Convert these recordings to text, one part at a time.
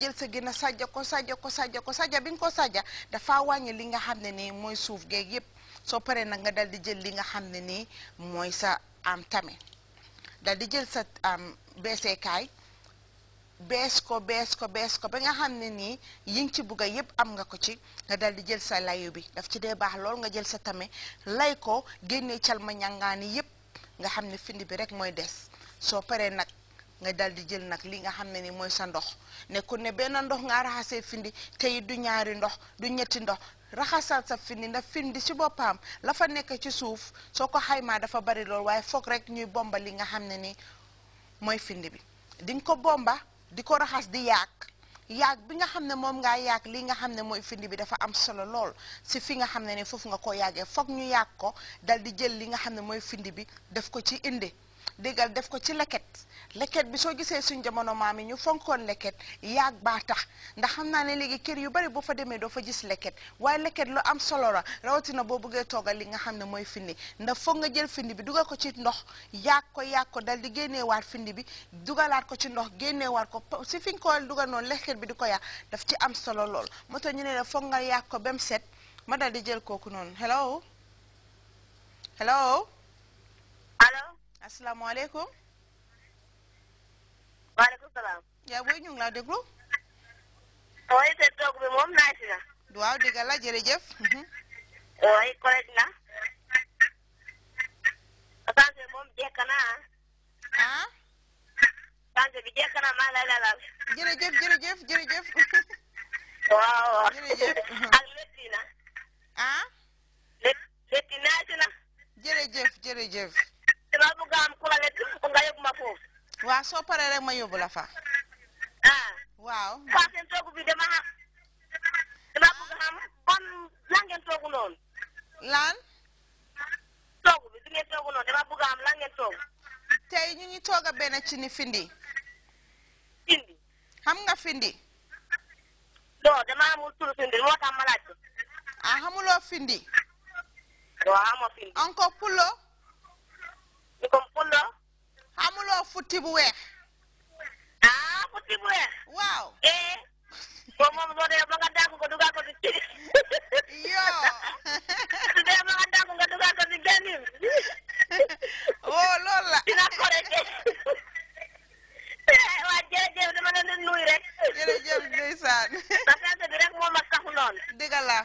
jël sa gën a sajja ko sajja ko sajja ko sajja bi nga ko sajja dafa wàññi li nga xam ne nii mooy suuf geeg yépp soo paree nag nga dal di jël li nga xam ne nii mooy sa am tame dal di jël sa am bees ko bees ko bees ko ba nga xam ne nii yi nga bugg yëpp am nga ko ci nga dal di jël sa layu bi daf ci dee baax lool nga jël sa tame lay ko génnee calma ñàngaani yëpp nga xam ne find bi rek mooy des soo paree nag nga dal di jël nag li nga xam ne ni mooy sa ndox nekkul ne benn ndox nga raxasee findi te du ñaari ndox du ñetti ndox raxasal sa findi ndax findi si boppam la fa nekk ci suuf soo ko xaymaa dafa bari lool waaye foog rek ñuy bomba li nga xam ne ni mooy findi bi di ko bomba di ko raxas di yàq. yaag bi nga xam ne moom ngaa yaag li nga xam ne mooy findi bi dafa am solo lool si fi nga xam ne ni foofu nga ko yaagee foog ñu yaag ko dal di jël li nga xam ne mooy findi bi def ko ci indi déggal def ko ci leket leket bi soo gisee suñ jamono maam yi ñu fonkoon leket yaag baa tax ndax xam naa ne léegi kër yu bari boo fa demee doo fa gis leket waaye leket lu am solo la rawatina boo bëggee toogal li nga xam ne mooy findi ndax foog nga jël findi bi dugal ko ci ndox yaag ko yaag ko dal di génneewaat findi bi dugalaat ko ci ndox génneewaat ko si fiñ nga ko dugal noonu leket bi di ko yaag daf ci am solo lool moo tax ñu ne la foog nga yaag ko ba mu set ma dal di jël kooku noonu hello asalaamaaleykum. waaleykum salaam. booy ñu ngi laa déglu. mooy toog bi moom naaj si na. waaw dégg la jërëjëf. Mhm. ooy collège na. santé moom jekk na ah. santé bi jekk na maa lay lalal. jërëjëf jërëjëf jërëjëf. waaw. jërëjëf mhm. ak létti na. ah. létti naaj na. jërëjëf waa soo paree rek ma yóbbu fa. ah. waaw. waaw seen toogu bi dama xam. dama bëgg xam kon lan ngeen noonu. lan. toogu bi du ngeen toogu noonu dama bëgg xam lan ngeen toogu. tey ñu ngi toog a benn ci findi. findi. xam nga findi. non dama amul turu findi moo tax ma laaj ah xamuloo findi. waaw amoo findi. encore pulo. futti bu weex. ah futti bu weex. waaw. eh. boobu moom soo dee ba nga ko dugal ko ko dugal ko ci genn. oh loolu la. dina korete. Eh, waa jërëjëf dama leen di nuyu rek. jërëjëf ndeysaan. rafet bi ma saxu noonu. la.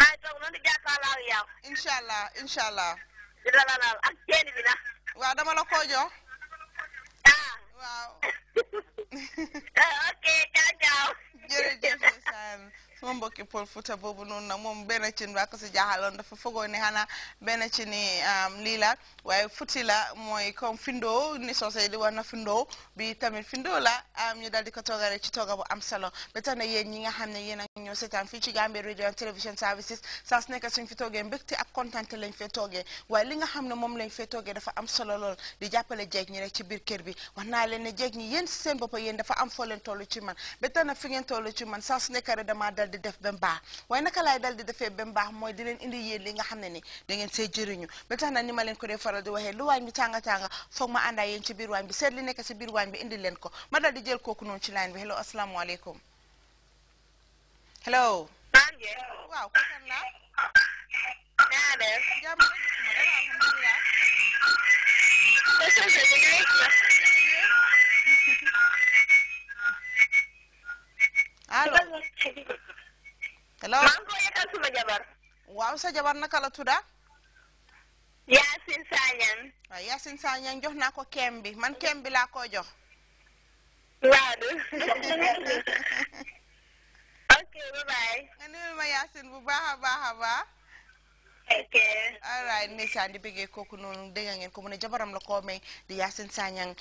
maa ngi toog noonu di jàkkaarloo yow. incha allah incha allah. la laal ak ceeb bi na. waaw dama la Wow. Oh, okay, ciao, ciao. You're a genius, Sam. sama mbokki Pël Fuuta boobu noonu nag moom benn cin ba ko si jaaxaloon dafa foogoo ne xanaa benn ci ni lii la waaye futi la mooy comme findoo ni soosey di wax na findoo bi tamit findoo la ñu daal di ko toogare ci tooga bu am solo ba tax na yéen ñi nga xam ne yéen a ñoo seetaan fii ci Gambia Radio and Television Services saa su nekk suñ fi toogee mbégte ak kontante lañ fee toogee waaye li nga xam ne moom lañ fee toogee dafa am solo lool di jàppale jeeg ñi rek ci biir kër bi wax naa leen ne jeeg ñi yéen si seen bopp yéen dafa am foo leen toll ci man ba tax na fi ngeen toll ci man saa su nekk rek dama dal di def ba mu baax waaye naka laay dal di defe ba baax mooy di leen indi yéen li nga xam ne ni da ngeen see jëriñu ba tax na ni ma leen ko de faral di waxee lu waañ bi tànga tànga foog ma àndaa yéen ci biir waañ bi seet li nekk si biir waañ bi indi leen ko ma dal di jël kooku noonu ci line bi hello asalaamaaleykum hello waaw kookan la waaw sa jabar naka la tudda Yacine Sagnang. waaw Yacine jox naa ko keem bi man keem bi laa ko jox. Laadu. ok bye bye. nga ma Yacine bu baax a baax a baax. all right ndeysaan di bëggee kooku noonu dégg ngeen ko mu ne jabaram la koo may di Yacine Sagnang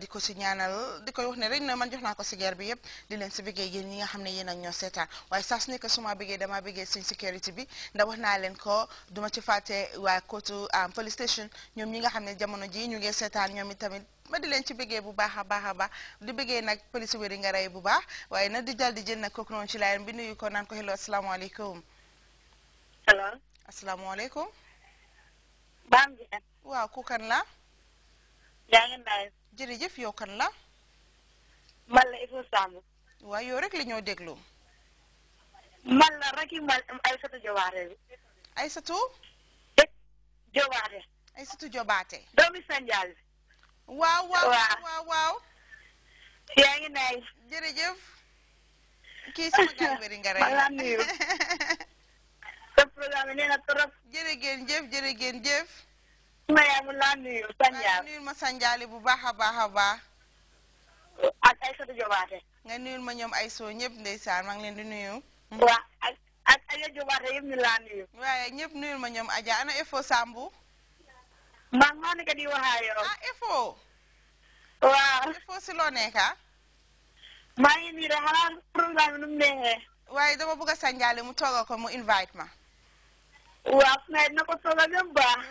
di ko si ñaanal di koy wax ne rek na man jox naa ko si ger bi yëpp di leen si bëggee yéen ñi nga xam ne yéen ak ñoo seetaan waaye saa su nekk suma bëggee dama bëggee suñ bi ndax wax naa leen ko duma ci fàtte waa kootu police station ñoom ñi nga xam ne jamono ji ñu ngi seetaan ñoom itamit ma di leen ci bëggee bu baax a baax a baax di bëggee nag police wéri nga rey bu baax waaye nag di jal di jël nag kooku noonu ci laayam bi nuyu ko naan ko hello asalaamaaleykum asalaamaaleykum. baam jeen waaw ku kan la. yaa ngi naaj. la. man la Ibou Samb. waaw yow rek la ñoo déglu. man la rek man Aysatu Jobaate bi. Aysatu. Jobaate. Eh, Aysatu Jobaate. doomi Sanjaal bi. waaw waaw waaw waaw. yaa ngi naaj. jërëjëf. kii sama gàllankoor nga rek. programme bi nee na trop. jërëgeen jëf jërëgeen jëf. ma yaa mu laa nuyu Sanjaal nuyul ma Sanjaali bu baax a baax a baax. ak ay sotu jobaate. nga nuyul ma ñoom ay soo ñëpp ndeysaan maa ngi leen di nuyu. Hmm. waaw ak ak ay jobaate nuyu. ma ñoom Adja ana Efo Sambu. maa maa nekk di waxaa yow. ah Efo. si loo nekk ah? maa ngi nii rek xanaa programme bi neexee. waaye dama bëgg a Sanjaali mu tooga ko mu invite ma. waaw nawet na ko soog a gëm baax.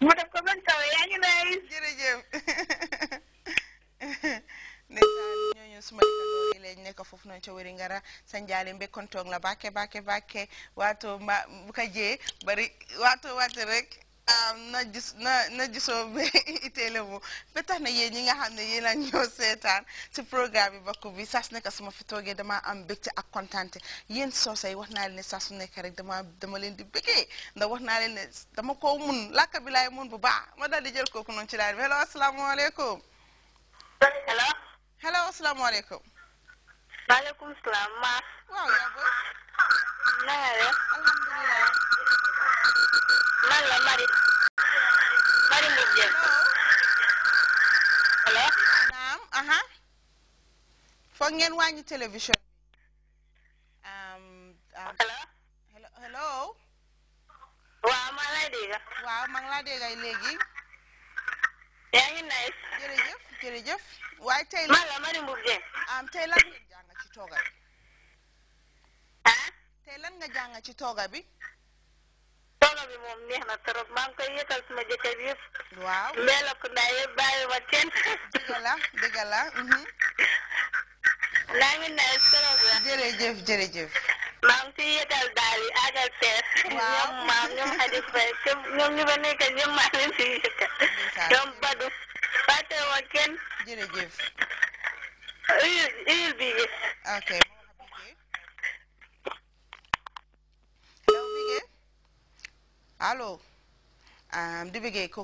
mu def ko gën kawe yaa ngi lay. jërëjëf. suma dëkkandoo yi lañ nekk foofu noonu ca wéri ngara sa njaali mbekkoon toog la bàkke bàkke bàkke waato ma bu ka jee bari waato waato rek na gis na na gisoo ba itteele na yéen ñi nga xam ne yéen a ñoo seetaan si programme bi bakku bi saa su nekk su ma fi toogee damaa am bégte ak kontaante yéen soosay wax naa leen ne saa su nekk rek dama dama leen di bégee ndax wax naa leen dama koo mun làkk bi laay mun bu baax ma daal di jël kooku noonu ci laaj bi hello asalaamaaleykum. hello. hello salaam. waaw mari la mari mari mujje allo naam aha foog ngeen wàññi télévision hello hello hello wa maa ngi lay dégg waaw maa ngi laa dégg léegi yaa ngi nice jërëjëf jërëjëf waaye tey la man la mari mujje am tey lan nga jàng ci tooga bi tey lan nga jàng ci tooga bi kami moom neex na trop maa ngi koy yëkkal suma jëkkër yëpp. waaw meeloo ko ndaay yëpp bàyyi ma kenn. dëgg la dëgg la. naa ngi nay trop la. jërëjëf jërëjëf. maa ngi ciy yëkkal daal yi àggal teer. waaw ñoom maam ñoom Aliou Faye ñoom ñu ba nekk ñoom maa leen ciy yëkkal. ñoom Badou. fàtte woo kenn. jërëjëf. huile huile bi. ok. allo ah, di bëggee ko